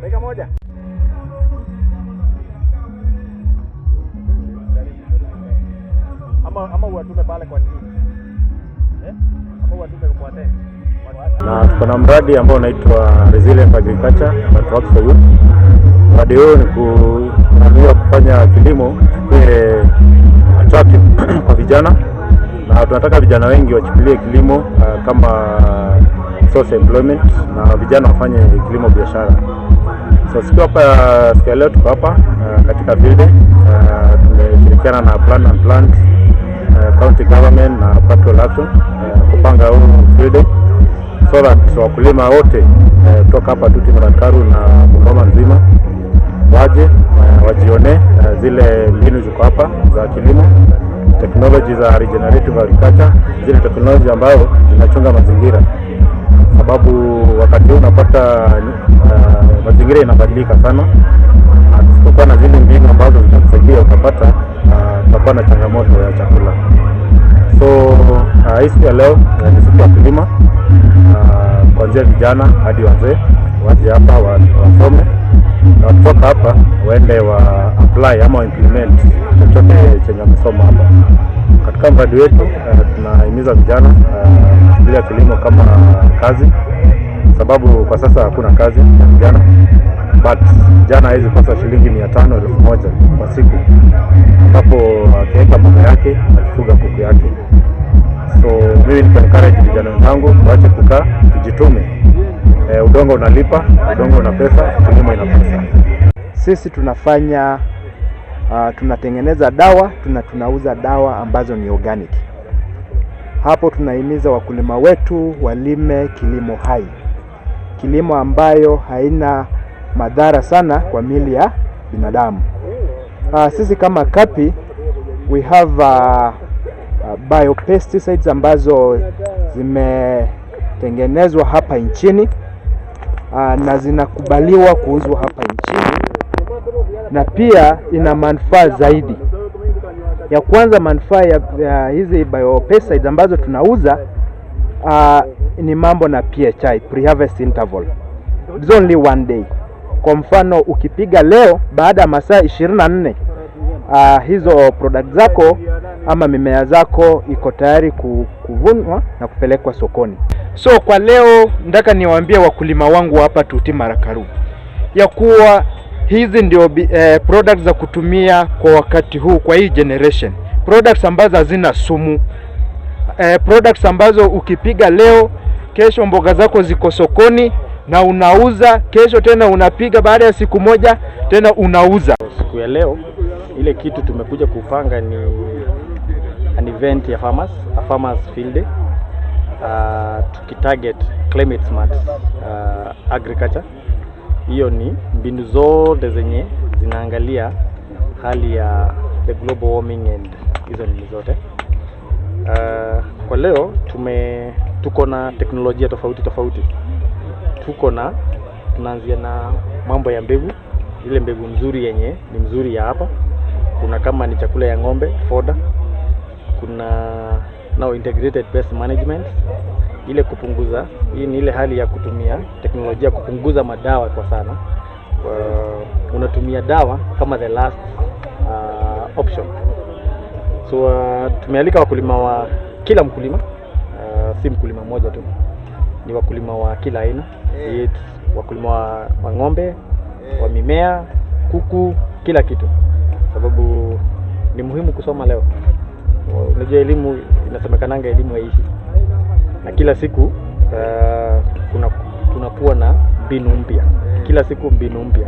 dakika moja. Ama ama uwatume pale kwa nini? Eh? Ama uwatume kwa Na tuko na mradi ambao unaitwa Resilient Agriculture that works for you. Mradi huu ni kunuia kufanya kilimo kikuwe attractive kwa vijana na tunataka vijana wengi wachukulie kilimo uh, kama source employment na vijana wafanye kilimo biashara. So siku hapa siku leo tuko hapa uh, katika field uh, tumeshirikiana na Plan and Plant uh, county government na Patrol action uh, kupanga huu field so that wakulima wote uh, kutoka uh, hapa Tuti Murankaru na Bungoma nzima waje uh, wajione uh, zile mbinu ziko hapa za kilimo teknoloji za regenerative agriculture, zile teknoloji ambazo zinachunga mazingira, sababu wakati huu unapata uh, mazingira inabadilika sana, tusipokuwa na zile mbinu ambazo zitakusaidia utapata uh, na changamoto ya chakula. So uh, hii uh, siku ya leo uh, ni siku ya kulima uh, kuanzia vijana hadi wazee waje hapa wasome na wakitoka hapa waende wa apply ama wa implement chochote chenye wamesoma hapa. Katika mradi wetu uh, tunahimiza vijana uh, kilimo kama kazi, sababu kwa sasa hakuna kazi ya vijana, but vijana hawezi kosa shilingi mia tano elfu moja kwa siku, ambapo akiweka uh, mboga yake akifuga kuku yake. So mimi niko vijana wenzangu waache kukaa, tujitume. E, udongo unalipa, udongo una pesa, kilimo ina pesa. Sisi tunafanya uh, tunatengeneza dawa tuna, tunauza dawa ambazo ni organic. Hapo tunahimiza wakulima wetu walime kilimo hai, kilimo ambayo haina madhara sana kwa miili ya binadamu. Uh, sisi kama Kapi we have uh, biopesticides ambazo zimetengenezwa hapa nchini aa, ah, na zinakubaliwa kuuzwa hapa nchini, na pia ina manufaa zaidi. Ya kwanza manufaa ya, ya hizi biopesticides ambazo tunauza aa, ah, ni mambo na PHI, pre-harvest interval. It's only one day. Kwa mfano ukipiga leo, baada ya masaa 24 Uh, ah, hizo product zako ama mimea zako iko tayari kuvunwa na kupelekwa sokoni. So kwa leo nataka niwaambie wakulima wangu hapa Tuti Marakaru ya kuwa hizi ndio eh, products za kutumia kwa wakati huu, kwa hii generation, products ambazo hazina sumu eh, products ambazo ukipiga leo, kesho mboga zako ziko sokoni na unauza, kesho tena unapiga, baada ya siku moja tena unauza. Siku ya leo ile kitu tumekuja kupanga ni an event ya farmers, a farmers field day uh, tukitarget climate smart uh, agriculture. Hiyo ni mbinu zote zenye zinaangalia hali ya the global warming and hizo nini zote. Uh, kwa leo tume tuko na teknolojia tofauti tofauti, tuko na tunaanzia na mambo ya mbegu, ile mbegu mzuri yenye ni mzuri ya hapa. Kuna kama ni chakula ya ng'ombe foda, kuna now integrated pest management, ile kupunguza. Hii ni ile hali ya kutumia teknolojia kupunguza madawa kwa sana. Uh, unatumia dawa kama the last uh, option. So uh, tumealika wakulima wa kila mkulima uh, si mkulima mmoja tu, ni wakulima wa kila aina, wakulima wa, wa ng'ombe, wa mimea, kuku, kila kitu, sababu ni muhimu kusoma leo. Unajua elimu inasemekananga, elimu haishi, na kila siku uh, tunakuwa na mbinu mpya, kila siku mbinu mpya.